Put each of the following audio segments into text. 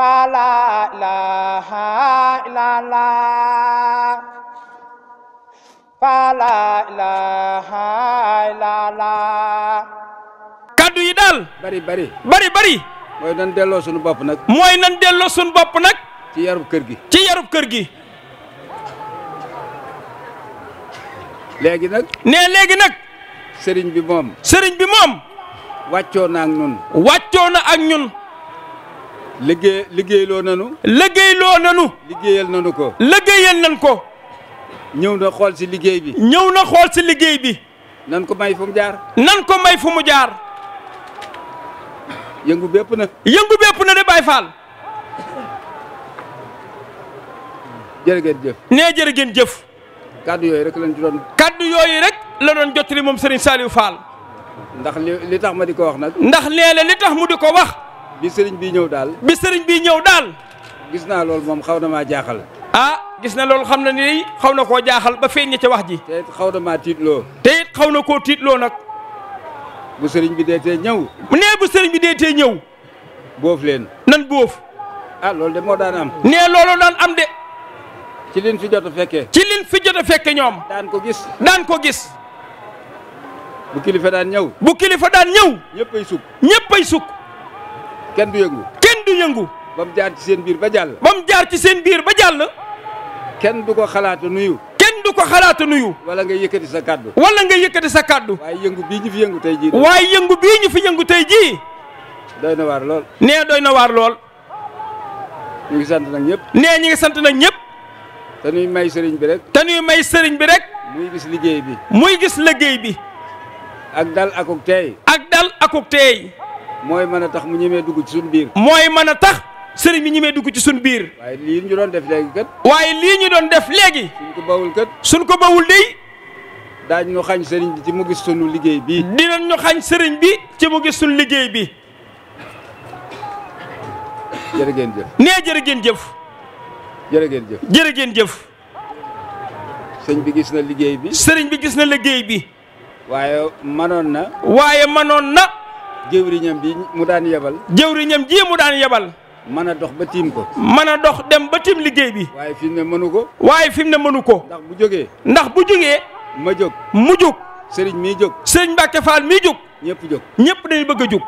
فلا إله إلا الله yi daal. bari bari. mooy nan delloo suñu bopp nag. mooy nan delloo suñu bopp nag. ci yarub kër gi. ci yarub kër gi. léegi nag. nee léegi nag. sëriñ bi moom. sëriñ bi moom. wàccoo ak ñun. wàccoo ak ñun. liggéey liggéeyloo nanu liggéeyloo nanu liggéeyal nanu ko liggéeyal nan ko ñëw na xool si liggéey bi ñëw na xool si liggéey bi nan ko may fu mu jaar nan ko may fu mu jaar yëngu bépp na yëngu bépp na de Baye Fall jërëgeen jëf nee jërëgeen jëf kaddu yooyu rek lañ ci doon kaddu yooyu rek la doon jottali moom Serigne Saliou Fall ndax li tax ma di ko wax nag ndax nee na li tax mu di ko wax bi sëriñ bi ñëw daal. bi sëriñ bi ñëw daal. gis naa lool moom xaw na maa jaaxal. ah gis na lool xam na ni xaw na koo jaaxal ba feeñ ca wax ji. te xaw na maa tiitloo. loo it xaw na koo tiitloo nag. bu sëriñ bi deetee ñëw. nee bu sëriñ bi deetee ñëw. boof leen. nan boof. ah loolu de moo daan am. nee loolu daan am de. ci liñ fi jot a fekkee. ci liñ fi jot a fekkee ñoom. daan ko gis. daan ko gis. bu kilifa daan ñëw. bu kilifa daan ñëw. ñëppay sukk. ñëppay sukk. kenn du yëngu. kenn du yëngu. ba mu jaar ci seen biir ba jàll. ba mu jaar ci seen biir ba jàll. kenn du ko xalaat nuyu. kenn du ko xalaat nuyu. wala nga yëkkati sa kàddu. wala nga yëkkati sa kàddu. waaye yëngu bii ñu fi yëngu tey jii. waaye yëngu bii fi yëngu tey jii. doy na waar lool. nee doy na waar lool. ñu ngi sant nag ñëpp. nee ñu ngi sant na ñëpp. te may sëriñ bi rek. te ñuy may sëriñ bi rek. muy gis liggéey bi. muy gis liggéey bi. ak dal akuk ak dal akuk mooy mën a tax mu ñemee dugg ci suñ biir. mooy mën a tax sëriñ bi ñemee dugg ci suñ biir. waaye lii ñu doon def léegi kat. waaye lii ñu doon def léegi. suñ ko bawul kat. suñ ko bawul dey. daañu ñu xañ sëriñ bi ci mu gis sunu liggéey bi. dinañ xañ sëriñ bi ci mu gis sunu liggéey bi. jërë ngeen jëf. nee jërë jëf. jërë ngeen jëf. jëf. sëriñ bi gis na liggéey bi. sëriñ bi gis na liggéey bi. waaye manoon na. waaye mënoon na. jëwriñam bi mu daan yebal. jëwriñam ji mu daan yebal. mën a dox ba tiim ko. mën a dox dem ba tiim liggéey bi. waaye fi mu ne mënu ko. waaye fi ne mënu ko. ndax bu jógee. ndax bu jógee. ma jóg mu jóg. sëriñ mii jóg. sëriñ Mbacke Fall mii jóg. ñëpp jóg ñëpp dañu bëgg a jóg.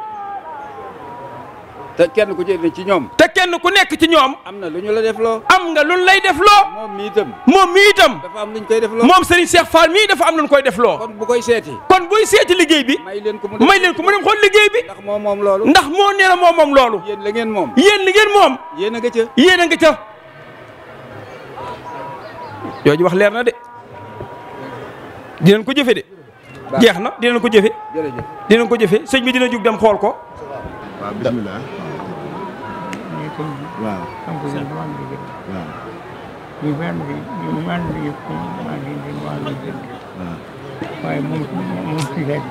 te kenn ku ci ci ñoom. te kenn ku nekk ci ñoom. am na lu ñu la def loo. am nga lu lay def loo. moom mi itam. moom mi itam. dafa am lu koy def loo. moom Serigne Cheikh Fall mii dafa am lu koy def loo. kon koy seeti. kon buy seeti liggéey bi. may leen ko mu dem may leen ko mu dem xool liggéey bi. ndax moo moom loolu. ndax moo nee na moo moom loolu. yéen la ngeen moom. yéen li ngeen moom. yéen a nga ca. yéen a wax leer na de. dinañ ko jëfe de. jeex na dinañ ko jëfe. dinañ ko jëfe sëñ mi dina jug dem xool ko. waaw bismillah sëriñ bi. waaw am ko yéen maa ngi dégg. waaw. ñu baal ma ñu maa ngi dégg ko maa ngi dégg maa ngi dégg. waaw. waaye moom moom si laaj.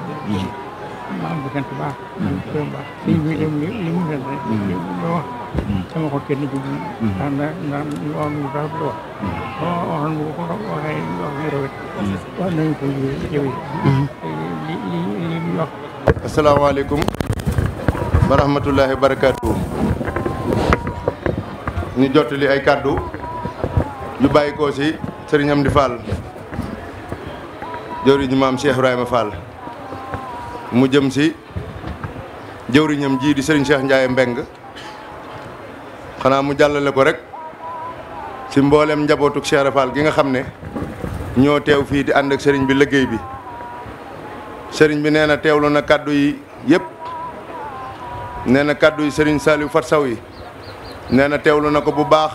ma am ko sant bu baax. am mhm. ko gërëm baax. sëriñ bi itam li li mu def rek. Mhm. loo wax. Mhm. sama xol kenn ci biir. ndax ndax ndax loolu lu tax lu wax. waaw waxoon nga ko waxee wax nga rafet. wax nañu ko jëwee. li li li li wax. asalaamaaleykum. wa rahmatulahi wa barakaatuhu. ñu jottali ay kàddu yu bàyyikoo ci sëriñam Amdi Fall jëwriñu maam Cheikh Ibrahima Fall mu jëm ci jëwriñam jii di sëriñ Cheikh Ndiaye Mbeng xanaa mu jàllale ko rek ci mboolem njabootuk Cheikh Fall gi nga xam ne ñoo teew fii di ànd ak sëriñ bi liggéey bi sëriñ bi nee na teewlu na kàddu yi yépp nee na kàddu yi sëriñ Saliou Fatsaw yi nee na teewlu na ko bu baax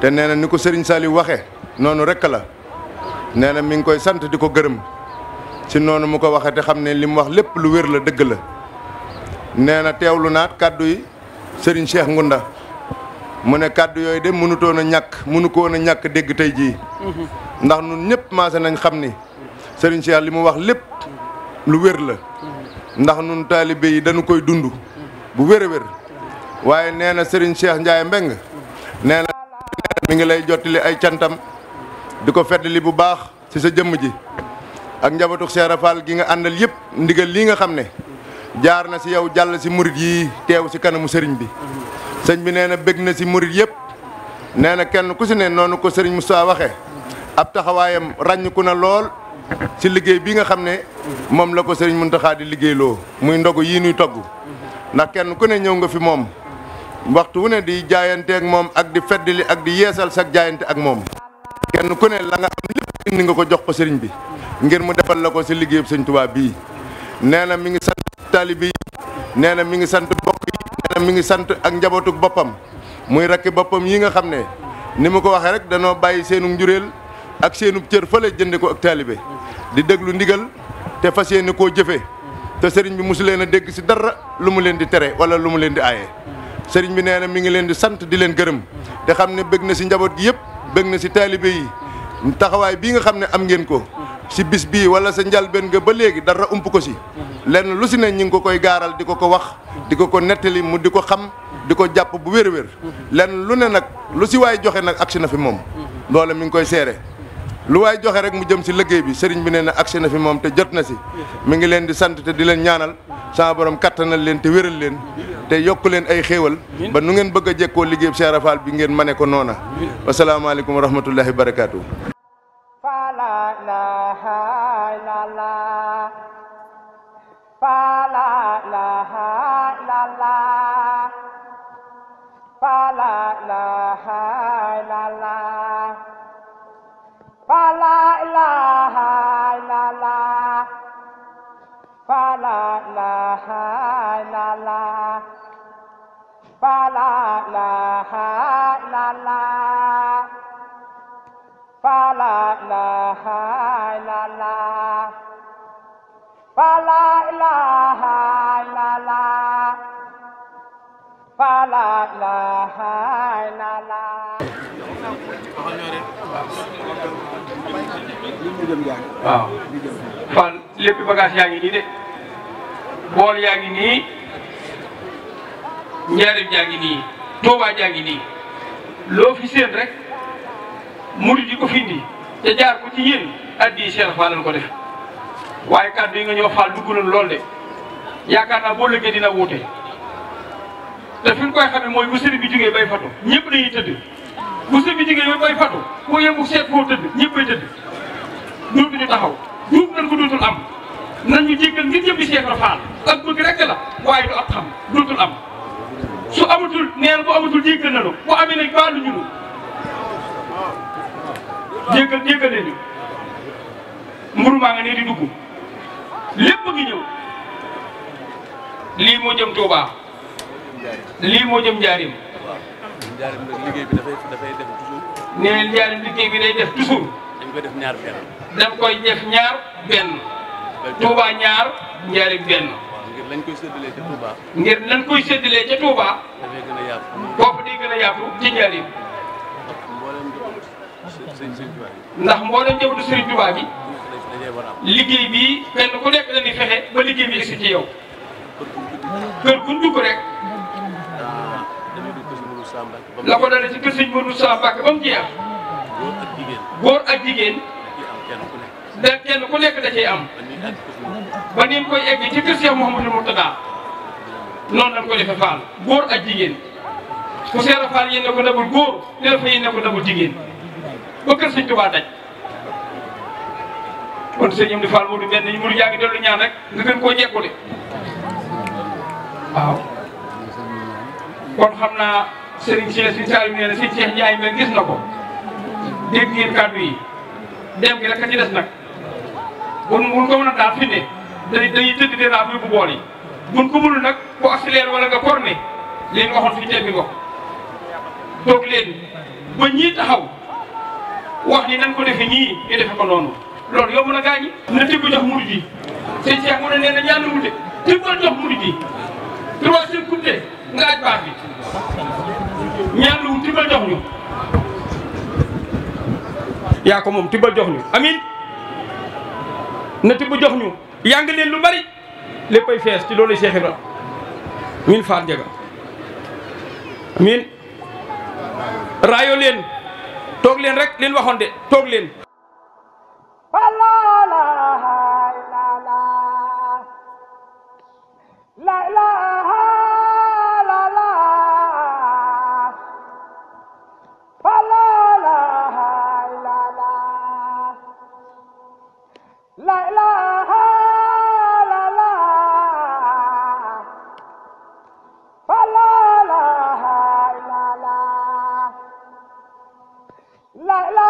te nee na ni ko sëriñ saali waxe noonu rek la nee na mi ngi koy sant di ko gërëm ci noonu mu ko waxee te xam ne li mu wax lépp lu wér la dëgg la nee na teewlu naat kàddu yi sëriñ Cheikh Ngunda mu ne kàddu yooyu de mënutoon a ñàkk mënu ko ñàkk dégg tey jii ndax nun ñëpp maase nañ xam ni Serigne Cheikh li mu wax lépp lu wér la ndax nun taalibe yi dañu koy dund bu wér wér waaye nee na Serigne Cheikh Ndiaye Mbeng nee na mi ngi lay jottali ay cantam di ko feddali bu baax ci sa jëmm ji ak njabootu Cheikh Rafal gi nga àndal yëpp ndigal lii nga xam ne jaar na si yow jàll si murit yi teew si kanamu sëriñ bi sëñ bi nee na bëgg na si murit yëpp nee na kenn ku si ne noonu ko sëriñ mu saa waxee ab taxawaayam ràññiku na lool ci liggéey bii nga xam ne moom la ko sëriñ Mountakha di liggéeyloo muy ndogu yii nuy togg ndax kenn ku ne ñëw nga fi moom waxtu wu ne di jaayanteek moom ak di fedd li ak di yeesal sag jaayante ak moom kenn ku ne la nga am lépp indi nga ko jox ko sëriñ bi ngir mu defal la ko si liggéeyub sëñ tubaab bii nee na mi ngi sant taalibe yi nee na mi ngi sant mbokk yi nee mi ngi sant ak njabootuk boppam muy rakki boppam yi nga xam ne ni mu ko waxee rek danoo bàyyi seenu njureel ak seenu cër fële jënde ko ak taalibe di déglu ndigal te fas yéene koo jëfe te sëriñ bi mosu leen a dégg si dara lu mu leen di tere wala lu mu leen di aaye sëriñ bi nee na mi ngi leen di sant di leen gërëm te xam ne bëgg na si njaboot gi yëpp bëgg na si taalibe yi taxawaay bii nga xam ne am ngeen ko si bis bii wala sa njalbeen nga ba léegi dara ump ko si lenn lu si ne ñu ngi ko koy gaaral di ko ko wax di ko ko nettali mu di ko xam di ko jàpp bu wér-wér lenn lu ne nag lu si waay joxe nag agsi na fi moom loole mu ngi koy seere lu waay joxe rek mu jëm si liggéey bi sëriñ bi nee na agsi na fi moom te jot na si mi ngi leen di sant di leen ñaanal sama borom kattanal leen te wéral leen te yokk leen ay xéewal ba nu ngeen bëgg a jekkoo liggéey Cheikh Rafal bi ngeen mane ko noona wasalaamaaleykum wa rahmatullahi wa barakaatu. la ilaha illallah fa la ilaha illallah fa la ilaha illallah fa la ilaha illallah waaw lépp bagage yaa ngi nii de bool yaa ngi nii njaarim jaa ngi nii Tuubaa jaa ngi nii loo rek murid yi ko findi te jaar ko ci yéen addi Cheikh Fall lañ ko def waaye kàddu yi nga ñëw Fall dugguloon lool de yaakaar naa boo lëggee dina wuute te fi ñu koy xamee mooy bu sëriñ bi jógee bay fatu ñëpp dañuy tëdd bu sëriñ bi jógee bay fatu ku yëngu seet foo tëdd ñëpp bay tëdd dootuñu taxaw duub nañ ko dootul am nañ ñu jéggal ngir ñëpp di Cheikh Fall ak bëgg rek la waaye du ab xam dootul am. su amatul nee na bu amatul jéggal na nu bu amee nag baalu ñu nu jéggal jéggal nañu mburu maa nga ne di dugg lépp ngi ñëw lii moo jëm Touba lii moo jëm Njaarim nee Njaarim liggéey bi day def toujours dañ koy def ñaar benn dañ koy def ñaar benn Touba ñaar Njaarim benn ngir lañ koy séddalee ca Touba. ngir lañ koy séddalee ca Touba. dafay gën a yaatu. bopp di gën a yaatu ci njëriñ. ndax mboolem njabootu liggéey bii kenn ku nekk dañuy fexe ba liggéey bi egsi ci yow. kër gu dugg rek. la ko dalee ci kër Serigne Modou Sa Mbacké ba mu jeex. góor ak jigéen. góor ak jigéen. da kenn ku nekk da am. ba ni mu koy egg ci kër Cheikh Mouhamadou Mourtada noonu lañ ko defee faal góor ak jigéen ku seera faal yéen ne ko dabul góor leer fa yéen ne ko dabul jigéen ba kër sëñ Tuubaa daj kon sëñ am di faal moo du mel ni mu yaa dellu ñaan rek nga gën koo jekku de kon xam naa Serigne Cheikh si Saalum nee na si Cheikh Ndiaye mel gis na ko dégg ngeen kàddu yi dem gi rek a ci nag bu bu ko mën a daal fi ne day day tëdd dina am yóbbu bool yi buñ ko mënul nag ku accéléré wala nga corné li nga waxoon fi tebbi ko toog leen ba ñii taxaw wax ni nan ko defe ñii ñu defe ko noonu loolu yow mën a gaañi na tibb jox murid yi sëñ Cheikh mu ne nee na ñaan wute tibbal jox murid yi troisième coupé nga aj baax bi ñaan wu tibbal jox ñu yaa ko moom tibbal jox ñu amin na tibb jox ñu yàng leen lu bari léppay fees ci loolu Cheikh Ibra min faat jaga min raayo leen toog leen rek leen waxoon de toog leen la la